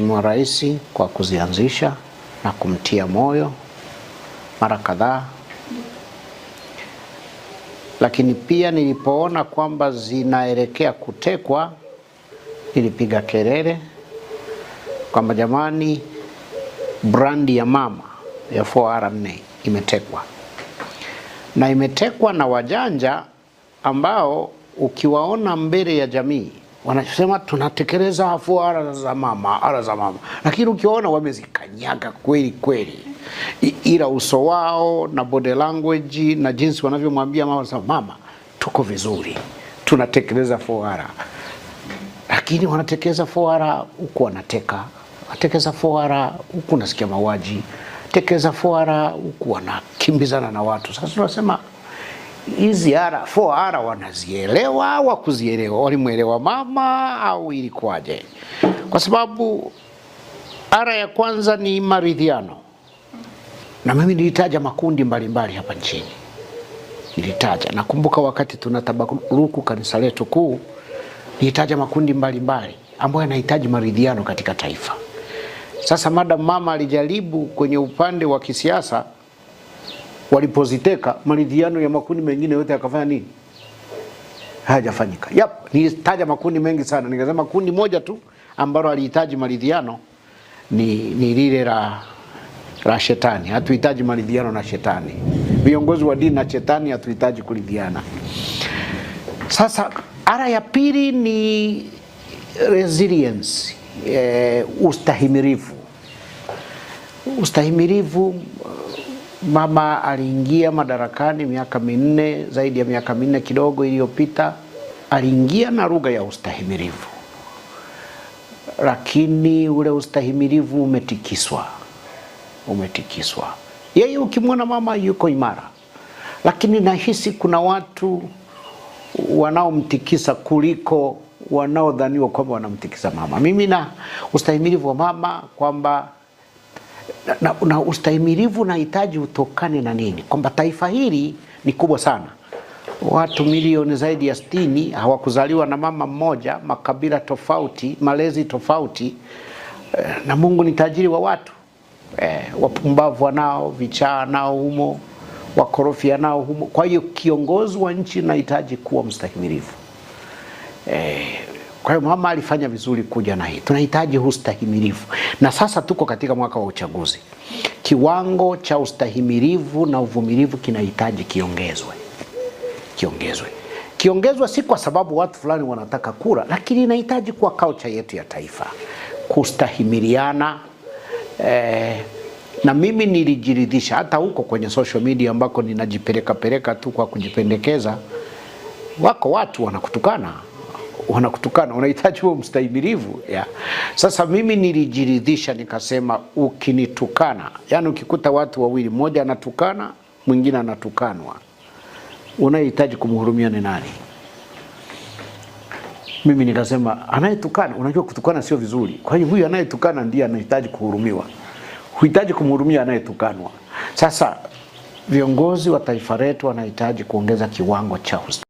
Mheshimiwa Rais kwa kuzianzisha na kumtia moyo mara kadhaa, lakini pia nilipoona kwamba zinaelekea kutekwa, nilipiga kelele kwamba jamani, brandi ya mama ya 4R4 imetekwa na imetekwa na wajanja ambao ukiwaona mbele ya jamii wanasema tunatekeleza afua ara za mama, ara za mama, lakini ukiona wamezikanyaga kweli kweli, ila uso wao na body language na jinsi wanavyomwambia mama za mama, tuko vizuri, tunatekeleza fuara, lakini wanatekeleza fuara huku wanateka, watekeza fuara huku nasikia mauaji, tekeleza fuara huku wanakimbizana na watu. Sasa tunasema hizi ara 4 ara wanazielewa au wakuzielewa, walimwelewa mama au ilikuwaje? Kwa sababu ara ya kwanza ni maridhiano, na mimi nilitaja makundi mbalimbali hapa nchini nilitaja. Nakumbuka wakati tunatabaruku kanisa letu kuu, nilitaja makundi mbalimbali ambayo yanahitaji maridhiano katika taifa. Sasa madam mama alijaribu kwenye upande wa kisiasa walipoziteka, maridhiano ya makundi mengine yote yakafanya nini? Hayajafanyika. Yap, nilitaja makundi mengi sana, nikasema kundi moja tu ambalo alihitaji maridhiano ni, ni lile la la shetani. Hatuhitaji maridhiano na shetani, viongozi wa dini na shetani hatuhitaji kuridhiana. Sasa ara ya pili ni resilience, e, ustahimilivu. Ustahimilivu mama aliingia madarakani miaka minne, zaidi ya miaka minne kidogo iliyopita, aliingia na lugha ya ustahimilivu, lakini ule ustahimilivu umetikiswa, umetikiswa. Yeye ukimwona mama yuko imara, lakini nahisi kuna watu wanaomtikisa kuliko wanaodhaniwa kwamba wanamtikisa mama. Mimi na ustahimilivu wa mama kwamba na, na ustahimilivu unahitaji utokane na nini? Kwamba taifa hili ni kubwa sana, watu milioni zaidi ya sitini hawakuzaliwa na mama mmoja, makabila tofauti, malezi tofauti, eh, na Mungu ni tajiri wa watu eh, wapumbavu wanao, vichaa nao humo, wakorofi nao humo. Kwa hiyo kiongozi wa nchi unahitaji kuwa mstahimilivu eh, kwa hiyo mama alifanya vizuri kuja na hii. Tunahitaji ustahimilivu, na sasa tuko katika mwaka wa uchaguzi. Kiwango cha ustahimilivu na uvumilivu kinahitaji kiongezwe, kiongezwe, kiongezwe, si kwa sababu watu fulani wanataka kura, lakini inahitaji kuwa kaucha yetu ya taifa kustahimiliana eh, na mimi nilijiridhisha hata huko kwenye social media ambako ninajipeleka peleka tu kwa kujipendekeza, wako watu wanakutukana wanakutukana, unahitaji huo mstahimilivu yeah. Sasa mimi nilijiridhisha nikasema, ukinitukana, yani ukikuta watu wawili, mmoja anatukana mwingine anatukanwa, unayehitaji kumhurumia ni nani? Mimi nikasema anayetukana, unajua kutukana sio vizuri. Kwa hiyo huyu anayetukana ndiye anahitaji kuhurumiwa, huhitaji kumhurumia anayetukanwa. Sasa viongozi wa taifa letu wanahitaji kuongeza kiwango cha